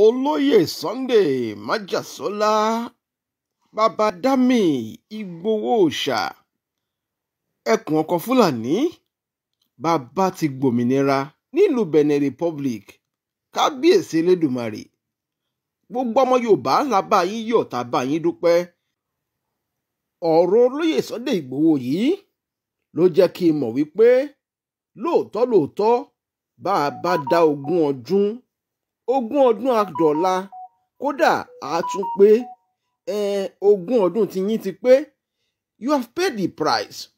olóyè sunday májàsọ́lá bàbá dámì ìgbowó òòṣà ẹkùn ọkọ fúlàní bàbá ti gbòmìnira nílùú benin republic kábíyèsí elédùmarè gbogbo ọmọ yorùbá la bá yín yọ̀ tá yín dúpẹ́ ọ̀rọ̀ olóyè sunday ìgbowó yìí ló jẹ́ kí n mọ̀ wípé lóòótọ́ lóòótọ́ bá a ogún ọdún ogún ọdún àdọ̀la kódà àtún pé ogún ọdún tiyín ti pé you have paid the price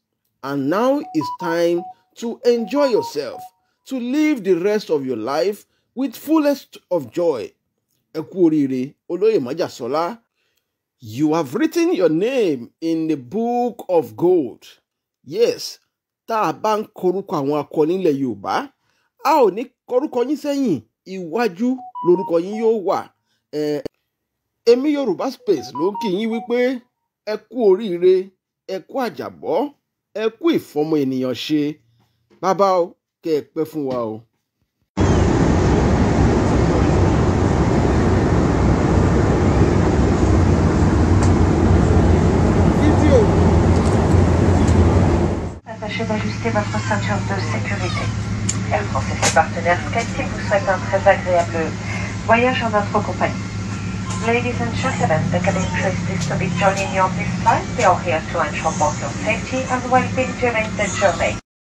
and now it's time to enjoy yourself to live the rest of your life with fullest of joy ẹ kú oríire olóyè májàsọlá you have written your name in the book of gold yes tá a bá ń korúkọ àwọn akọni ilẹ̀ yorùbá a ò ní korúkọ yín sẹ́yìn iwájú lórúkọ yín yóò wà èmi yorùbá space ló ń kí yín wípé ẹ kú oríire ẹ kú àjàbọ́ ẹ kú ìfọmọ ènìyàn ṣe bàbá o kẹ ẹ pẹ́ fún wa o. Attachez d'ajusté votre ceinture de sécurité. Air France et ses partenaires Skyteam vous souhaitent un très agréable voyage en notre compagnie. Ladies and gentlemen, the cabin crew is pleased to be joining you on this flight. They are here to ensure both your safety and well-being during the journey.